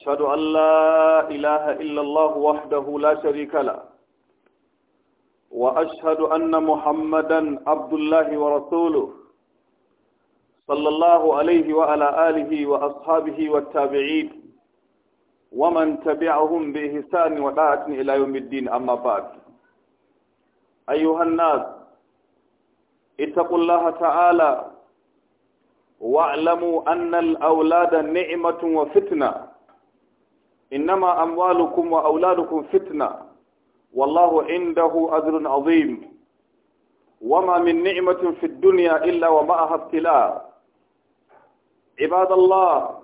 أشهد أن لا إله إلا الله وحده لا شريك له وأشهد أن محمدا عبد الله ورسوله صلى الله عليه وعلى آله وأصحابه والتابعين ومن تبعهم بإحسان ودعاة إلى يوم الدين أما بعد أيها الناس اتقوا الله تعالى واعلموا أن الأولاد نعمة وفتنة إنما أموالكم وأولادكم فتنة والله عنده أجر عظيم وما من نعمة في الدنيا إلا ومعها ابتلاء عباد الله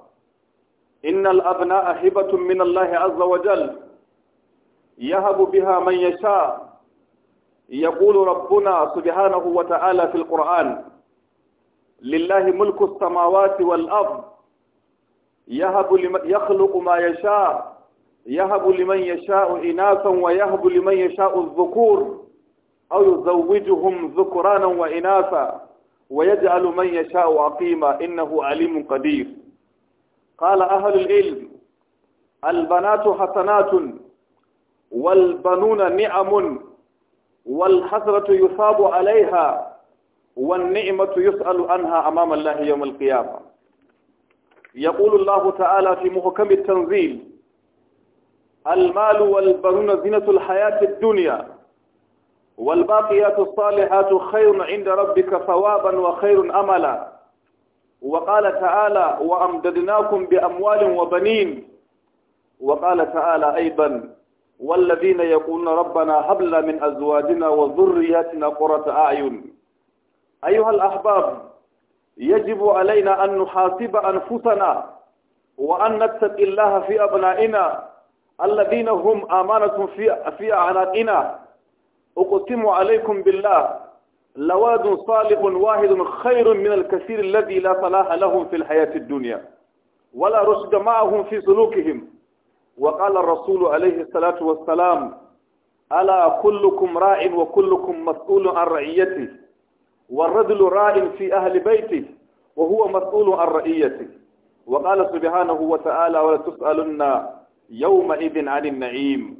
إن الأبناء هبة من الله عز وجل يهب بها من يشاء يقول ربنا سبحانه وتعالى في القرآن لله ملك السماوات والأرض يهب لمن يخلق ما يشاء يهب لمن يشاء إناثا ويهب لمن يشاء الذكور أو يزوجهم ذكرانا وإناثا ويجعل من يشاء عقيما إنه عليم قدير قال أهل العلم البنات حسنات والبنون نعم والحسرة يصاب عليها والنعمة يسأل عنها أمام الله يوم القيامة يقول الله تعالى في محكم التنزيل المال والبنون زينة الحياة الدنيا والباقيات الصالحات خير عند ربك ثوابا وخير أملا وقال تعالى وأمددناكم بأموال وبنين وقال تعالى أيضا والذين يقولون ربنا هب من أزواجنا وذرياتنا قرة أعين أيها الأحباب يجب علينا أن نحاسب أنفسنا وأن نتقي الله في أبنائنا الذين هم أمانة في, في أعناقنا أقسم عليكم بالله لواد صالح واحد خير من الكثير الذي لا صلاح لهم في الحياة الدنيا ولا رشد معهم في سلوكهم وقال الرسول عليه الصلاة والسلام ألا كلكم راع وكلكم مسؤول عن رعيته والرجل راء في أهل بيته وهو مسؤول عن رئيته وقال سبحانه وتعالى ولتسألن يومئذ عن النعيم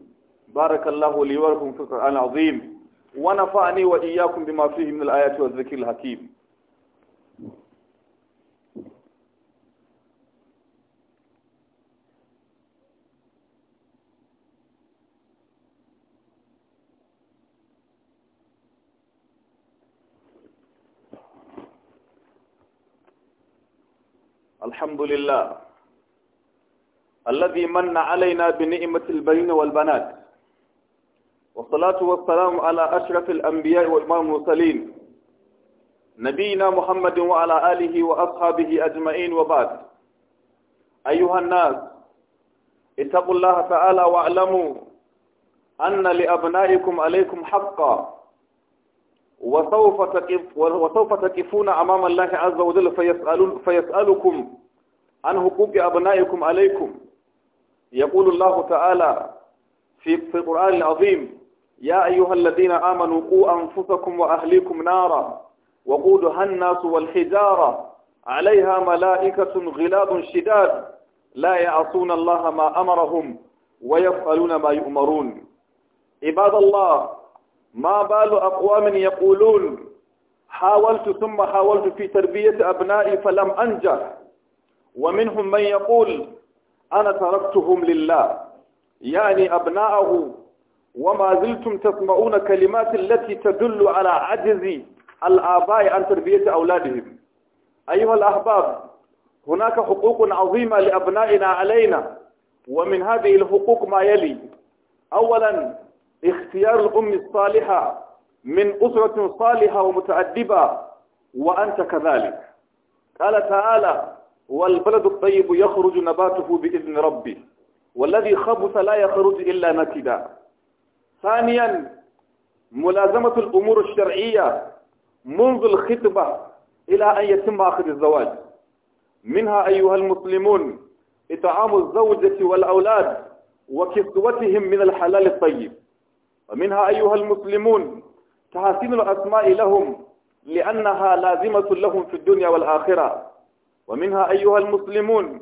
بارك الله لي ولكم في القرآن العظيم ونفعني وإياكم بما فيه من الآيات والذكر الحكيم الحمد لله الذي من علينا بنعمة البين والبنات والصلاة والسلام على أشرف الأنبياء والمرسلين نبينا محمد وعلى آله وأصحابه أجمعين وبعد أيها الناس اتقوا الله تعالى واعلموا أن لأبنائكم عليكم حقا وسوف تقف وسوف تقفون أمام الله عز وجل فيسأل فيسألكم عن حقوق أبنائكم عليكم يقول الله تعالى في في القرآن العظيم يا أيها الذين آمنوا قوا أنفسكم وأهليكم نارا وقودها الناس والحجارة عليها ملائكة غلاظ شداد لا يعصون الله ما أمرهم ويفعلون ما يؤمرون عباد الله ما بال أقوام يقولون حاولت ثم حاولت في تربية أبنائي فلم أنجح ومنهم من يقول أنا تركتهم لله يعني أبناءه وما زلتم تسمعون كلمات التي تدل على عجز الآباء عن تربية أولادهم أيها الأحباب هناك حقوق عظيمة لأبنائنا علينا ومن هذه الحقوق ما يلي أولا اختيار الأم الصالحة من أسرة صالحة ومتعدبة وأنت كذلك قال تعالى والبلد الطيب يخرج نباته بإذن ربي والذي خبث لا يخرج إلا نكدا ثانيا ملازمة الأمور الشرعية منذ الخطبة إلى أن يتم أخذ الزواج منها أيها المسلمون إطعام الزوجة والأولاد وكسوتهم من الحلال الطيب ومنها أيها المسلمون تحسين الأسماء لهم لأنها لازمة لهم في الدنيا والآخرة ومنها أيها المسلمون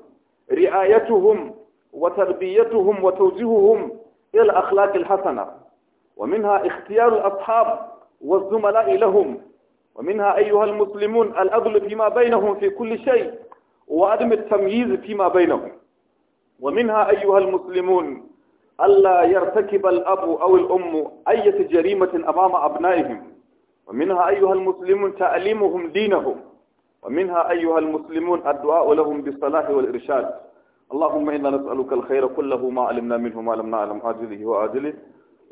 رعايتهم وتربيتهم وتوجيههم إلى الأخلاق الحسنة ومنها اختيار الأصحاب والزملاء لهم ومنها أيها المسلمون الأضل فيما بينهم في كل شيء وعدم التمييز فيما بينهم ومنها أيها المسلمون Allah ya bal abu awil ummu ayyata jarimatin a bama abnaihim, wa min ha ayyuhal musulmin ta’alimuhun dinahum, wa min ha ayyuhal musulmin addu’a ulahun bi salahi wal irshad. Allahumma ina na tsalukal khaira kullahu ma alimna minhu ma alam na alam ajilihi wa ajili,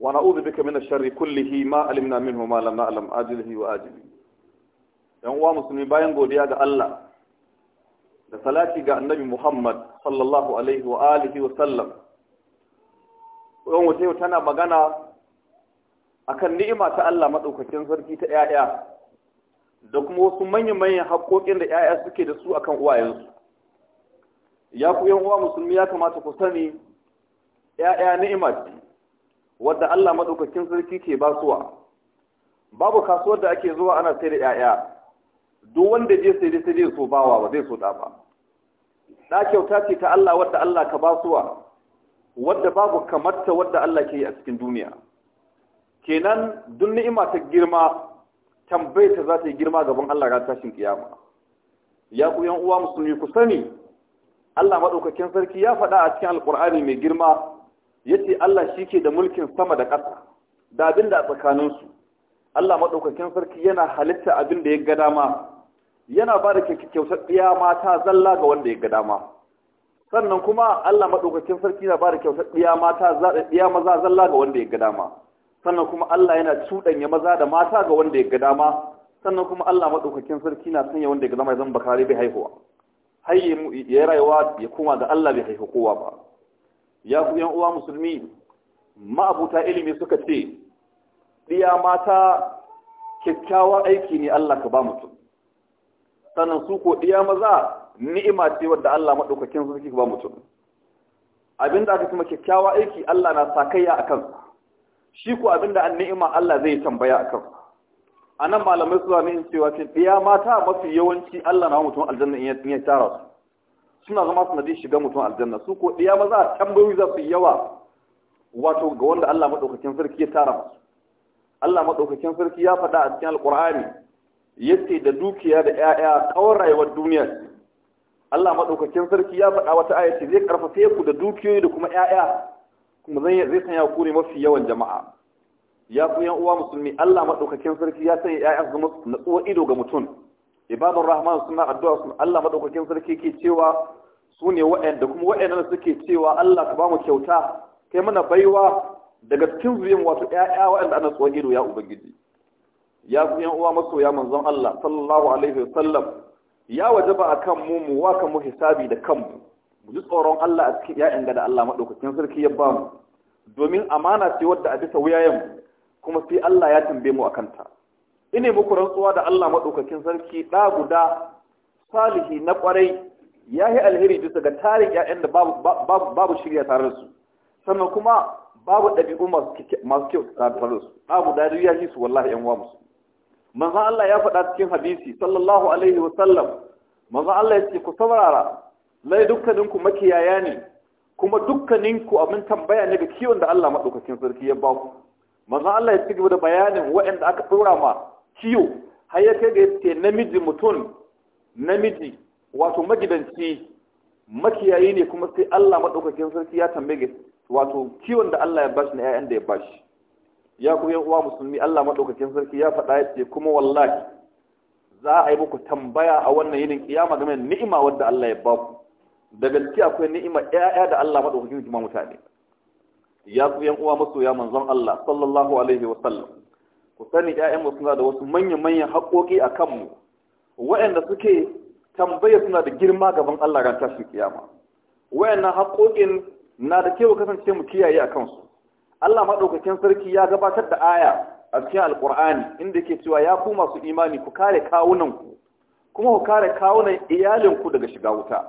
wa na uzu bika min sharri kullihi ma alimna minhu ma alam na alam ajilihi wa ajili. ‘Yan uwa musulmi bayan godiya ga Allah, da salati ga annabi Muhammad sallallahu wani wata tana magana akan ni'ima ta Allah maɗaukakin sarki ta 'ya'ya da kuma wasu manya-manyan haƙoƙin da 'ya'ya suke da su akan uwayensu ya ku yan uwa musulmi ya kamata ku sani 'ya'ya ni'ima ce wadda Allah maɗaukakin sarki ke basuwa babu kasuwar da ake zuwa ana sai da 'ya'ya duk wanda je sai dai sai dai so bawa ba zai so ɗa ba kyauta ce ta Allah wadda Allah ka basuwa wadda babu kamarta wadda Allah ke yi a cikin duniya kenan duk ni'ima ta girma tambayta za ta yi girma gaban Allah ga tashin kiyama ya ku yan uwa musulmi ku sani Allah madaukakin sarki ya faɗa a cikin alkur'ani mai girma yace Allah shi ke da mulkin sama da ƙasa da abin da a tsakanin su Allah madaukakin sarki yana halitta abin da ya ga dama yana ba da kyakkyautar tsiya mata zalla ga wanda ya ga dama sannan kuma Allah madaukakin sarki na ba da kyautar ɗiya, mata ɗiya maza zalla ga wanda ya ga dama sannan kuma Allah yana cuɗanya maza da mata ga wanda ya ga dama sannan kuma Allah madaukakin sarki na sanya wanda ya ga dama ya zama bakare bai haihuwa hayye ya rayuwa ya koma ga Allah bai haihu kowa ba ya ku yan uwa musulmi ma'abuta ilimi suka ce ɗiya, mata kyakkyawan aiki ne Allah ka ba mutum sannan su ko ɗiya, maza ni'ima ce wadda Allah madaukakin suke ba mutum abinda aka kuma kyakkyawa aiki Allah na sakayya akan shi ko abinda an ni'ima Allah zai tambaya akan nan malamai suna ne in cewa ce iya mata mafi yawanci Allah na mutum aljanna in ya tara su suna zama su nadi shiga mutum aljanna su ko ɗaya maza tambayoyi za su yawa wato ga wanda Allah maɗaukakin sarki ya tara ba. Allah maɗaukakin sarki ya faɗa a cikin Alƙur'ani yace da dukiya da ƴaƴa kawar rayuwar duniya Allah maɗaukakin sarki ya faɗa wata aya ce zai karfafe ku da dukiyoyi da kuma yaya kuma zai sanya ku ne mafi yawan jama'a ya ku yan uwa musulmi Allah maɗaukakin sarki ya sanya ƴaƴa su zama natsuwa ido ga mutum ibadur rahman suna addu'a sun Allah maɗaukakin sarki ke cewa su ne waɗanda kuma waɗanda suke cewa Allah ka ba mu kyauta kai mana baiwa daga cikin zuriyar wato yaya waɗanda ana tsohon ido ya ubangiji ya ku yan uwa masoya manzon Allah sallallahu alaihi wa sallam ya wajaba a kan mu mu wa mu hisabi da kanmu mu ji tsoron Allah a cikin ya'yan da Allah maɗaukakin sarki ya ba mu domin amana ce wadda a bisa wuyayen kuma sai Allah ya tambaye mu akan ta ine muku rantsuwa da Allah maɗaukakin sarki ɗa guda salihi na kwarai ya yi alheri bisa ga tarin ya'yan da babu shirya tare da su sannan kuma babu ɗabi'u masu kyau tare da su guda ya yi su wallahi yan wa musu manzo Allah ya faɗa cikin hadisi sallallahu alaihi wa sallam manzo Allah ya ce ku saurara lai dukkaninku makiyaya ne kuma dukkaninku abin tambaya ne ga kiwon da Allah madaukakin sarki ya ba ku manzo Allah ya ci gaba da bayanin waɗanda aka tsora ma kiyo har ya kai ga yace namiji mutum namiji wato magidanci makiyayi ne kuma sai Allah madaukakin sarki ya tambaye wato kiwon da Allah ya bashi na 'ya'yan da ya bashi ya ku yan uwa musulmi Allah madaukakin sarki ya faɗa ya ce kuma wallahi za a yi muku tambaya a wannan yinin kiyama game da ni'ima wadda Allah ya ba ku da gaske akwai ni'ima ƴaƴa da Allah madaukakin sarki ma mutane ya ku yan uwa masoya manzon Allah sallallahu alaihi wa sallam ku sani ƴaƴan mu suna da wasu manyan manyan haƙoƙi a kanmu waɗanda suke tambaya suna da girma gaban Allah ran tashi kiyama waɗannan haƙoƙin na da kewa kasance mu kiyaye a kansu Allah maɗaukakin sarki ya gabatar da aya a cikin alƙur'ani inda ke cewa ya ku masu imani ku kare kawunanku kuma ku kare kawunan iyalinku daga shiga wuta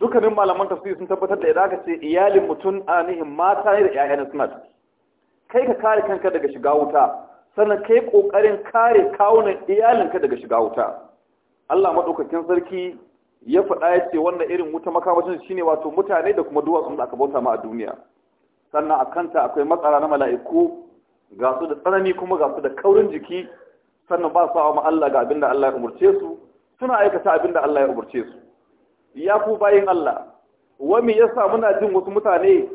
dukkanin malaman tafsiri sun tabbatar da idan aka ce iyalin mutum a nihin mata ne da ƴaƴan suna kai ka kare kanka daga shiga wuta sannan kai ƙoƙarin kare kawunan iyalinka daga shiga wuta Allah maɗaukakin sarki ya faɗa ya ce wannan irin wuta makamashin shine wato mutane da kuma duwatsun da aka bauta ma a duniya sannan a kanta akwai matsala na mala'iku ga su da tsanani kuma ga su da kaurin jiki sannan ba su ma Allah ga abinda Allah ya umarce su suna aikata abinda Allah ya umarce su ya ku bayin Allah ya yasa muna jin wasu mutane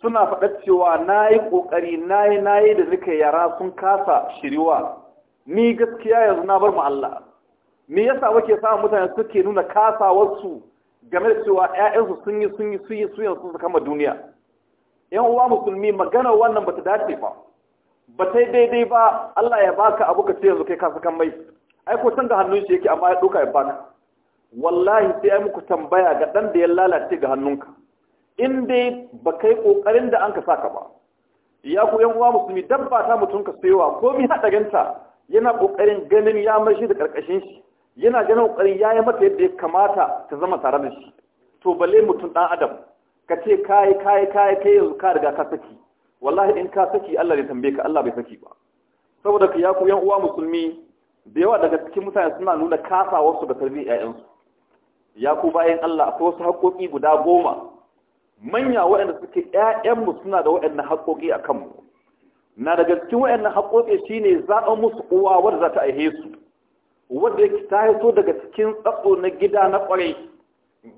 suna faɗa cewa na yi ƙoƙari na yi na yi da nika yara sun kasa shiriwa ni gaskiya yanzu na bar mu Allah me yasa wake samun mutane suke nuna kasa wasu game da cewa 'ya'yansu sun yi sun yi sun yi sun yi sun kama duniya yan uwa musulmi maganar wannan bata dace ba ba ta daidai ba Allah ya baka abu ka ce yanzu kai ka saka mai ai ko san ga hannun shi yake amma ya doka ya baka wallahi sai ai muku tambaya ga dan da ya lalace ga hannunka in dai ba kai kokarin da an ka saka ba ya ku yan uwa musulmi dabba ta mutum ka sayowa ko mi hada ganta yana kokarin ganin ya mashi da karkashin shi yana ganin kokarin yayi mata yadda ya kamata ta zama tare da shi to balle mutum dan adam ka ce kayi kayi kayi kai yanzu ka riga ka saki wallahi in ka saki Allah ne tambaye ka Allah bai saki ba saboda ka ya yan uwa musulmi da yawa daga cikin mutane suna nuna kasa wasu da tarbi ƴaƴansu ya yaku bayan Allah akwai wasu haƙoƙi guda goma manya waɗanda suke mu suna da waɗannan haƙoƙi a kanmu na daga cikin waɗannan haƙoƙi shine zaɓa musu uwa wadda za ta aihe su wadda ta haiso daga cikin tsatso na gida na ƙwarai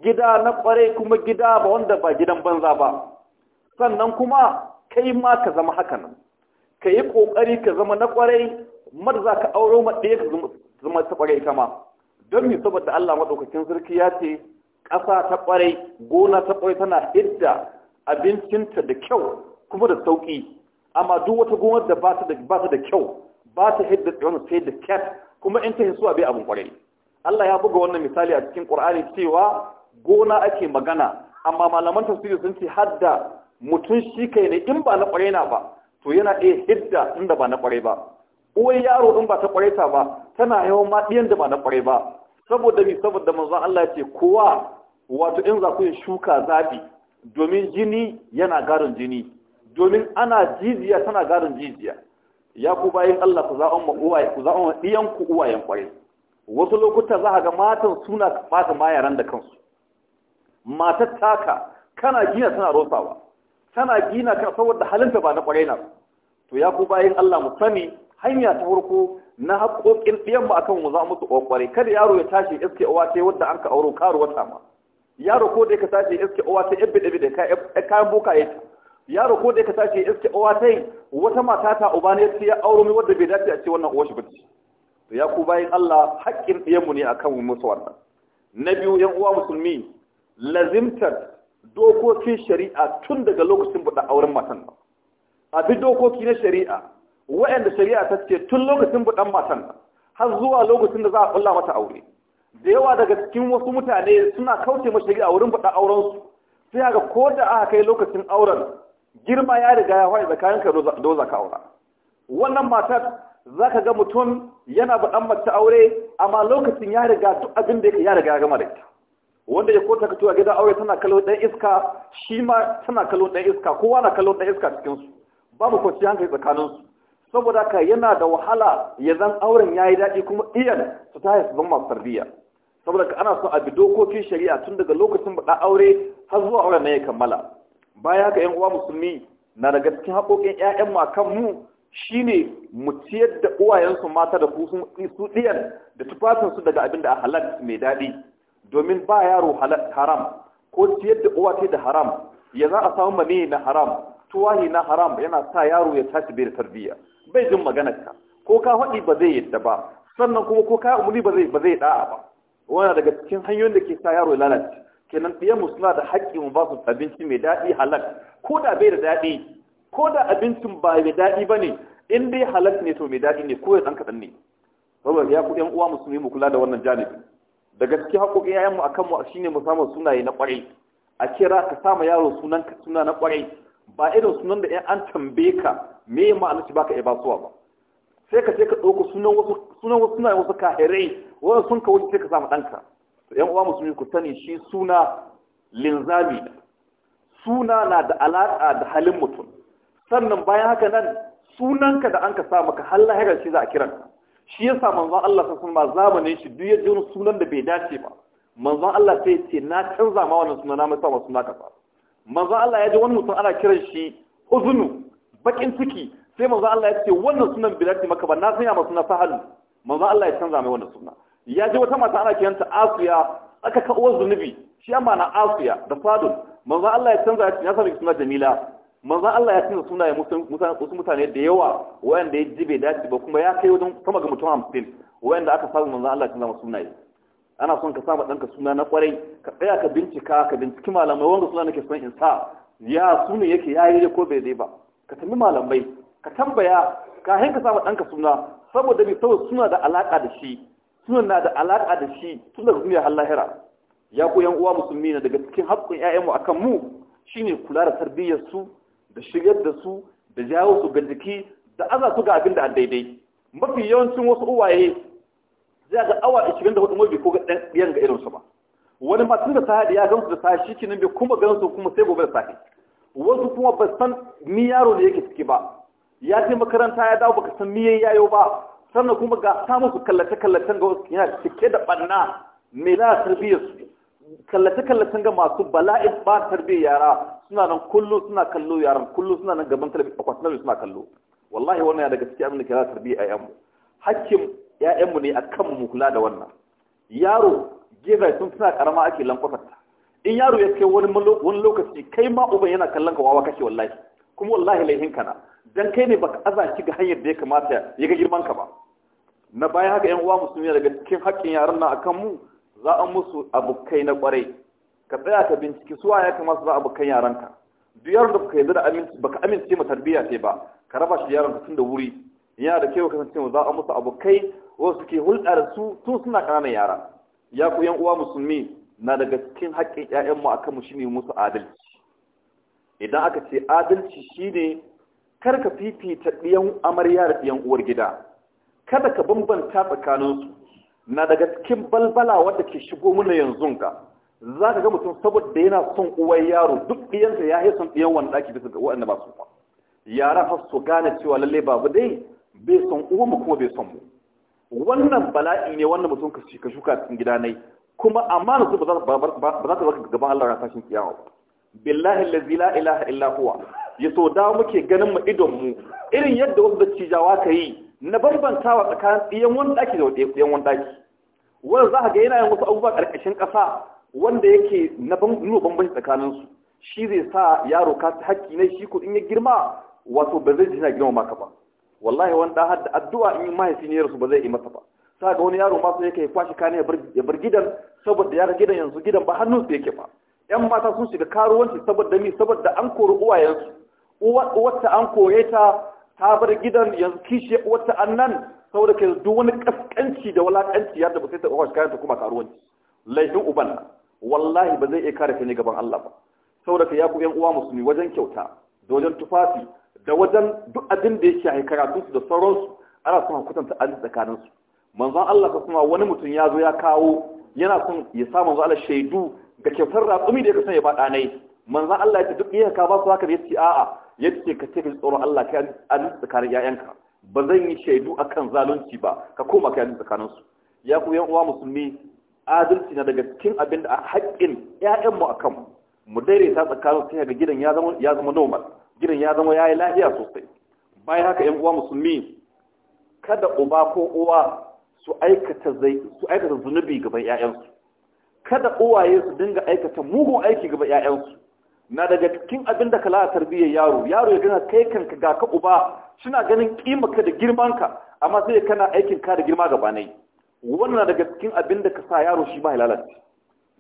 gida na ƙwarai kuma gida ba wanda ba gidan banza ba sannan kuma kai ma ka zama haka nan ka yi ƙoƙari ka zama na kwarai marza za ka auro ma ka zama ta kwarai kama don mi saboda Allah maɗaukakin sarki ya ce ƙasa ta kware gona ta kware tana hidda abincinta da kyau kuma da sauƙi amma duk wata gonar da ba ta da kyau ba ta hidda tsawon sai da kyat kuma in ta suwa bai abin kwarai Allah ya buga wannan misali a cikin ƙur'ani cewa gona ake magana amma malaman tafsiri sun ce hadda mutum shi kai ne in ba na kwarai ba to yana iya hidda inda ba na kware ba Uwai yaro in ba ta kwarai ba tana yawan ma da ba na kware ba saboda mi saboda manzo Allah ya ce kowa wato in za ku yi shuka zabi domin jini yana garin jini domin ana jijiya tana garin jijiya ya ku bayan Allah ku za'on ma uwaye ku za'on ku uwayen kware. wasu lokuta za ga matan suna ɓata ma da kansu matar taka kana gina tana rosawa tana gina ka saboda halinta ba na kwarai na to ya ku bayin Allah mu sani hanya ta farko na haƙoƙin ɗiyan ba akan mu za mu kware kada yaro ya tashi iske uwa ce wadda an ka auro karu wata ma yaro ko da ka tashi iske uwa ce ibbi dabi da kayan boka ya yaro ko da ka tashi iske uwa ta wata mata ta uba ne ya auro mai wadda bai dace a ce wannan uwa shi ba. to ya ku bayin Allah haƙƙin ɗiyan mu ne akan mu musu wannan na biyu yan uwa musulmi lazimtar dokokin shari'a tun daga lokacin buɗa auren matan nan a bi dokoki na shari'a waɗanda shari'a ta ce tun lokacin buɗan matan nan har zuwa lokacin da za a ƙulla mata aure da yawa daga cikin wasu mutane suna kauce ma shari'a wurin buɗa aurensu sai haka ko da aka kai lokacin auren girma ya riga ya faɗi tsakanin ka doza ka aura wannan matar za ka ga mutum yana buɗan mace aure amma lokacin ya riga duk abin da ya riga ya gama da ita wanda ya kota kato a gida aure tana kallon ɗan iska shi ma tana kallon ɗan iska kowa na kallon ɗan iska cikinsu babu kwanci hankali tsakanin su saboda ka yana da wahala ya zan auren yi daɗi kuma iyan su ta haifi ban masu tarbiyya saboda ka ana son a bi dokokin shari'a tun daga lokacin baɗa aure har zuwa auren na ya kammala baya haka yan uwa musulmi na daga cikin haƙoƙin ƴaƴan mu mu shine mu ciyar da uwayensu mata da su su ɗiyan da tufafinsu daga abin da a halal mai daɗi domin ba yaro haram ko ciyar da uwa da haram ya za a samu mani na haram tuwahi na haram yana sa yaro ya tashi bai da tarbiyya bai jin maganarka ko ka faɗi ba zai yadda ba sannan kuma ko ka umuri ba zai ba zai da'a ba wannan daga cikin hanyoyin da ke sa yaro ya lalace kenan ɗiyan mu suna da haƙƙi ba su abinci mai daɗi halal ko da bai da daɗi ko da abincin ba mai daɗi ba ne in dai halal ne to mai daɗi ne ko ya ɗan kaɗan ne saboda ya ku ɗan uwa musulmi mu kula da wannan janibi da gaske haƙoƙin yayanmu a kanmu shine mu samu sunaye na ƙwarai a kira ka sama yaro sunan ka suna na ƙwarai ba irin sunan da an tambaye ka me ma'anar shi baka iya basuwa ba sai ka ce ka ɗauko sunan wasu sunan wasu sunaye wasu kahirai wani sun ka wuce sai ka sama ɗanka to ƴan uwa musulmi ku sani shi suna linzami suna na da alaƙa da halin mutum sannan bayan haka nan sunanka da an ka sa maka har lahirar shi za a kiranka shi yasa manzon Allah ta sun ba zamanin shi duk ya ji wani sunan da bai dace ba manzon Allah sai ya ce na canza ma wannan sunan na mai sa suna kaza manzon Allah ya ji wani mutum ana kiran shi uzunu bakin ciki sai manzon Allah ya ce wannan sunan bai dace maka ba na sanya masa suna sahalu manzon Allah ya canza mai wannan sunan. ya ji wata mata ana kiranta asiya aka ka uwar zunubi shi amma na asiya da fadun manzon Allah ya canza ya sanya suna jamila manzan Allah ya cinza sunaye wasu mutane da yawa wayanda ya ji bai dace ba kuma ya kai wajen sama ga mutum hamsin wayanda aka samu manzan Allah cinza masu sunaye ana son ka sama ɗanka suna na kwarai ka tsaya ka bincika ka binciki malamai wanda suna nake son in sa ya su yake ya yi ko bai dai ba ka tambi malamai ka tambaya ka hin ka sama ɗanka suna saboda bai saboda suna da alaƙa da shi suna na da alaƙa da shi tun daga duniya har lahira ya ku yan uwa musulmi na daga cikin haƙƙin ƴaƴanmu akan mu shine kula da tarbiyyar su da shigar da su da jawo su ga jiki da aza su ga abin da daidai mafi yawancin wasu uwaye zai ga awa 24 mabi ko ga ɗan ga irinsu ba wani ma tun da sahi ya gansu da sahi shi kinin bai kuma su kuma sai gobe da sai wasu kuma ba san ni yaro da yake ciki ba ya je makaranta ya dawo baka san miye yayo ba sannan kuma ga samun su kallace-kallacen ga wasu yana cike da ɓanna mai lalata tarbiyyar su kallace-kallacen ga masu bala'in ba tarbe yara suna nan kullum suna kallo yaran kullum suna nan gaban talabijin akwatin talabijin suna kallo wallahi wannan ya daga cikin abin da ke za tarbiyyar ƴaƴanmu hakkin ƴaƴanmu ne a kan mu kula da wannan yaro gefe sun suna karama ake lankwasar ta in yaro ya kai wani wani lokaci kai ma uban yana kallon ka wawa kake wallahi kuma wallahi laihin kana dan kai ne baka aza shi ga hanyar da ya kamata ya ga girman ka ba na bayan haka ƴan uwa musulmi daga cikin haƙƙin yaran nan akan mu za a musu abokai na kwarai ka tsaya ka binciki suwa ya kamata za abokan yaranka duk yaron da kuka yarda da aminci baka amince ma tarbiyya ce ba ka raba shi yaron ka tun da wuri yana da kewa kasance za a musu abokai wasu suke hulɗa da su tun suna ƙananan yara ya ku yan uwa musulmi na daga cikin haƙƙin mu akan mu shine musu adalci idan aka ce adalci shine kar ka fifita ɗiyan amarya da ɗiyan uwar gida kada ka bambanta tsakaninsu na daga cikin balbala wanda ke shigo mana yanzu ka za ka ga mutum saboda yana son uwar yaro duk ɗiyansa ya yi son ɗiyan wani ɗaki bisa ga waɗanda ba su ba yara fa su gane cewa lalle babu dai bai son uwa mu kuma bai son mu wannan bala'i ne wannan mutum ka ka shuka cikin gida nai kuma amma su ba za ta zaka gaban Allah ran tashin kiyama ba billahi allazi la ilaha illa huwa so da muke ganin mu idon mu irin yadda wasu dattijawa ka yi na wa tsakanin ɗiyan wani ɗaki da ɗiyan wani ɗaki wanda za ga yana yin wasu abubuwa ƙarƙashin ƙasa wanda yake na nuna bambanci tsakaninsu shi zai sa yaro ka ta haƙƙi na shi ko in ya girma wato ba zai jina girma maka ba wallahi wanda har da addu'a in mahaifi ne yarsu ba zai yi masa ba sa ga wani yaro ma sai yake kwashi kane ya bar gidan saboda ya ga gidan yanzu gidan ba hannun su yake ba yan mata sun shiga karuwanci saboda mi saboda an kori uwayensu wacce an koye ta ta bar gidan yanzu kishi uwarta annan saboda ke duk wani kaskanci da walakanci yadda ba sai ta kwashi kayan ta kuma karuwanci laifin uban wallahi ba zai iya kare ka ne gaban Allah ba saboda ya ku yan uwa musulmi wajen kyauta da wajen tufafi da wajen duk abin da ya shahi karatun su da sauransu ana son kwatanta arziki tsakanin su manzon Allah ka kuma wani mutum ya zo ya kawo yana son ya sa manzon Allah shaidu ga kyautar ratsumi da ya kasance ya ba ɗanai manzon Allah ya ce duk iyaka ka ba su haka ne ya ce a'a ya ka ce ka tsoron Allah kai arziki tsakanin 'ya'yanka ba zan yi shaidu a kan zalunci ba ka koma ka yi tsakanin ya ku yan uwa musulmi adalci na daga cikin abin da haƙƙin ƴaƴan mu akan mu daidaita tsakanin sai ga gidan ya zama ya zama normal gidan ya zama yayi lafiya sosai bayan haka yan uwa musulmi kada uba ko uwa su aikata zai su aikata zunubi gaban ƴaƴansu kada uwaye su dinga aikata mugun aiki gaban ƴaƴansu na daga cikin abin da ka lalata tarbiyyar yaro yaro ya gana kai kanka ga ka uba suna ganin kimaka da ka. amma sai kana aikin ka da girma gaba ne wannan daga cikin abin da ka sa yaro shi ba lalata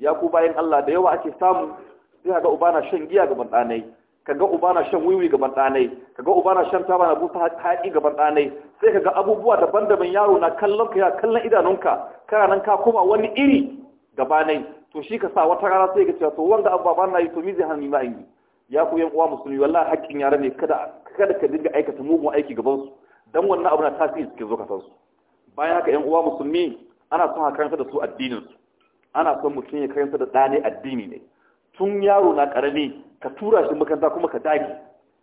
ya ku bayan Allah da yawa ake samu sai ga uba na shan giya gaban ɗanai kaga uba na shan wiwi gaban ɗanai kaga uba na shan taba na busa haƙi gaban ɗanai sai kaga abubuwa daban-daban yaro na kallon ka ya kallon idanunka kana nan ka koma wani iri gabanai to shi ka sa wata rana sai ka cewa to wanda abu ba na yi to mi zai hana ma in yi ya ku yan uwa musulmi wallahi haƙƙin yara ne kada kada ka dinga aikata mugun aiki gaban su dan wannan abu na tasiri suke zo san su bayan haka yan uwa musulmi ana son a karanta da su addinin su ana son mutum ya karanta da ɗane addini ne tun yaro na karami ka tura shi makaranta kuma ka dage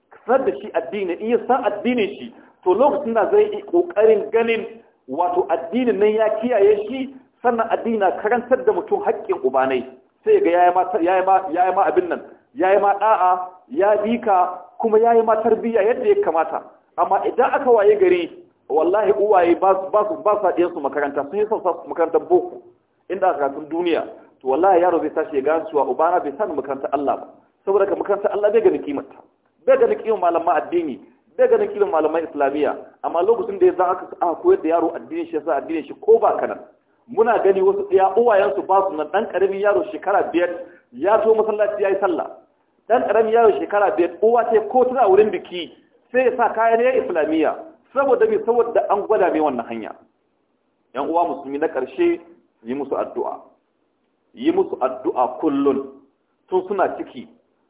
ka sanar da shi addini in ya san addinin shi to lokacin na zai yi kokarin ganin wato addinin nan ya kiyaye shi sannan addini na karantar da mutum haƙƙin ubanai sai ga yayi ma abin nan yayi ma da'a ya bika kuma yayi ma tarbiyya yadda ya kamata amma idan aka waye gari wallahi uwaye ba su ba su ba su ɗiyan su makaranta sun yi sassa makarantar boko inda aka karatun duniya to wallahi yaro zai tashi ya gane cewa ubana bai sani makarantar Allah ba saboda ka makarantar Allah bai gani kimarta bai gani kimar malaman addini bai gani kimar malaman islamiyya amma lokacin da ya za aka koyar da yaro addinin shi yasa addinin shi ko ba kanan muna gani wasu ɗaya uwayensu ba su nan ɗan ƙaramin yaro shekara biyar ya zo masallaci ya yi sallah ɗan ƙaramin yaro shekara biyar uwa ce ko tana wurin biki sai ya sa kayan ya islamiyya saboda mai saboda an gwada mai wannan hanya yan uwa musulmi na ƙarshe yi musu addu'a yi musu addu'a kullun tun suna ciki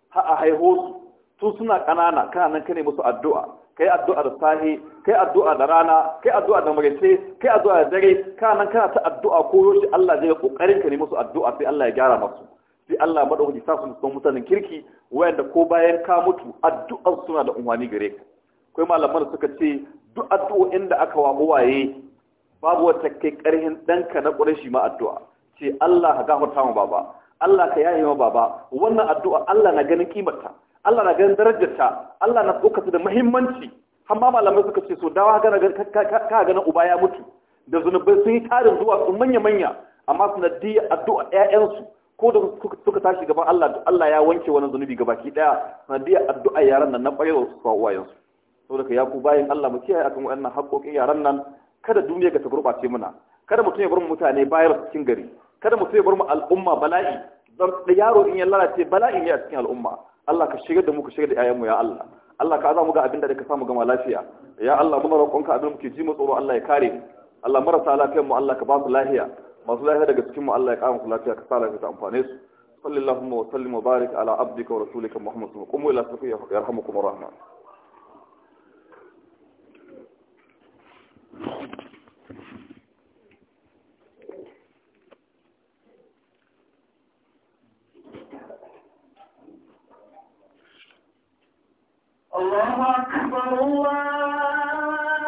ha a haihu tun suna ƙanana kana nan kane musu addu'a kai addu'a da sahi kai addu'a da rana kai addu'a da maraice kai addu'a da dare kana kana ta addu'a ko yoshi Allah zai kokarin ka ne musu addu'a sai Allah ya gyara masu sai Allah madaukaki sa su son mutanen kirki wayanda ko bayan ka mutu addu'a suna da unwani gare ka kai malaman suka ce duk addu'o'in da aka wa uwaye babu wata kai karhin danka na qurashi ma addu'a ce Allah ka gafarta mu baba Allah ka yaye ma baba wannan addu'a Allah na ganin kimarta Allah na ganin ta Allah na ɗaukata da muhimmanci har ma malamai suka ce so dawa gana ka gana uba ya mutu da zunubai sun yi tarin zuwa su manya-manya amma su na diya addu'a ƴaƴansu ko da suka tashi gaban Allah Allah ya wanke wani zunubi gabaki daya na diya addu'a yaran nan na ƙwarewa su kawo uwayensu saboda ya ku bayan Allah mu kiyaye akan wannan haƙoƙin yaran nan kada duniya ka ta gurɓace muna kada mutum ya bar mu mutane bayar su cikin gari kada mutum ya bar mu al'umma bala'i da yaro in ya lalace bala'i ne a cikin al'umma Allah ka shigar da mu ka shigar da ƴaƴanmu ya Allah Allah ka azamu ga abin da ka samu gama lafiya ya Allah muna roƙonka abin muke ji mu tsoro Allah ya kare Allah marasa lafiyar mu Allah ka ba su lafiya masu lafiya daga cikin mu Allah ya kama ku lafiya ka sa lafiya ta amfane su sallallahu wa sallam wa barik ala abdika wa rasulika muhammad sallallahu alaihi wa sallam qumu ila safiya yarhamukum rahman الله أكبر الله